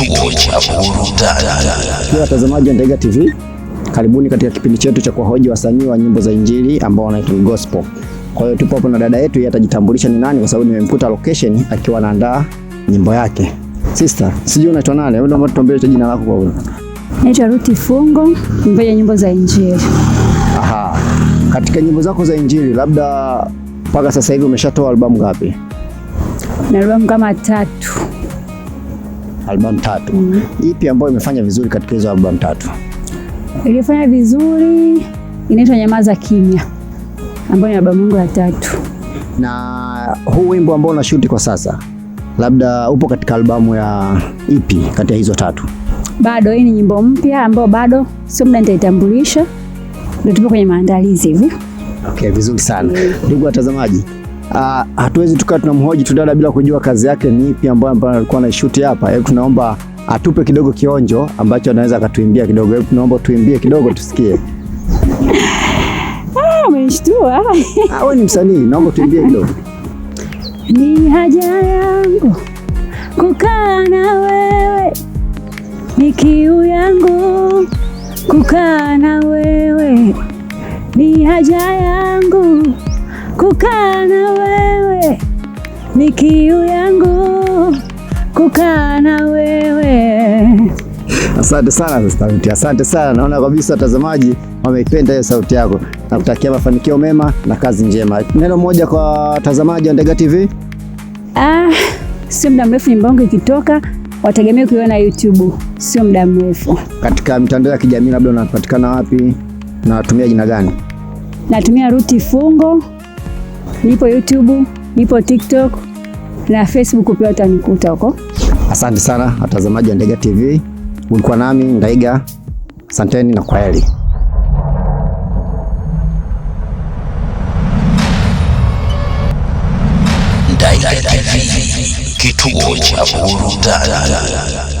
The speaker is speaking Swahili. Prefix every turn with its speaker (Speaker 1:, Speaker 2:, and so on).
Speaker 1: kituo cha burudani. Watazamaji wa Ndega TV, karibuni katika kipindi chetu cha kuwahoji wasanii wa nyimbo za Injili ambao wanaitwa gospel. Kwa hiyo tupo hapo na dada yetu, yeye atajitambulisha ni nani, kwa sababu nimemkuta location akiwa anaandaa nyimbo yake. Sister, sijui unaitwa nani? Hebu naomba tuambie jina lako kwa huyo.
Speaker 2: Naitwa Ruti Fungo, mwimbaji wa nyimbo za Injili.
Speaker 1: Aha. Katika nyimbo zako za Injili labda mpaka sasa hivi umeshatoa albamu ngapi?
Speaker 2: Na albamu kama tatu
Speaker 1: albamu tatu. Mm. Ipi ambayo imefanya vizuri katika hizo albamu tatu?
Speaker 2: Iliyofanya vizuri inaitwa Nyamaza Kimya ambayo ni albamu yangu ya tatu.
Speaker 1: Na huu wimbo ambao unashuti kwa sasa labda upo katika albamu ya ipi kati ya hizo tatu?
Speaker 2: Bado hii ni nyimbo mpya ambayo bado sio muda nitaitambulisha, ndio tupo kwenye maandalizi hivi.
Speaker 1: Okay, vizuri sana ndugu watazamaji. Ah, hatuwezi tukawa tunamhoji tu dada bila kujua kazi yake ni ipi ambayo ambayo alikuwa anaishuti hapa. Hebu tunaomba atupe kidogo kionjo ambacho anaweza akatuimbia kidogo. Hebu tunaomba tuimbie kidogo tusikie.
Speaker 2: Ah, umenishtua.
Speaker 1: Ah, wewe ni msanii, naomba tuimbie kidogo.
Speaker 2: Ni haja yangu kukaa na wewe, ni kiu yangu kukaa na wewe, ni haja yangu kukaa na wewe ni kiu yangu, kukaa na wewe.
Speaker 1: Asante sana Sista asante sana. Naona kabisa watazamaji wameipenda hiyo sauti yako. Nakutakia mafanikio mema na kazi njema. Neno moja kwa watazamaji wa Ndega TV?
Speaker 2: Ah, sio muda mrefu nyimbo yangu ikitoka wategemee kuiona YouTube, sio muda mrefu.
Speaker 1: Katika mitandao ya kijamii labda unapatikana wapi na watumia jina gani?
Speaker 2: Natumia Ruti Fungo nipo YouTube, nipo TikTok na Facebook pia utanikuta huko.
Speaker 1: Asante sana watazamaji wa Ndaiga TV, ulikuwa nami Ndaiga. Asanteni na kwaheri. Ndaiga TV, kituo cha burudani.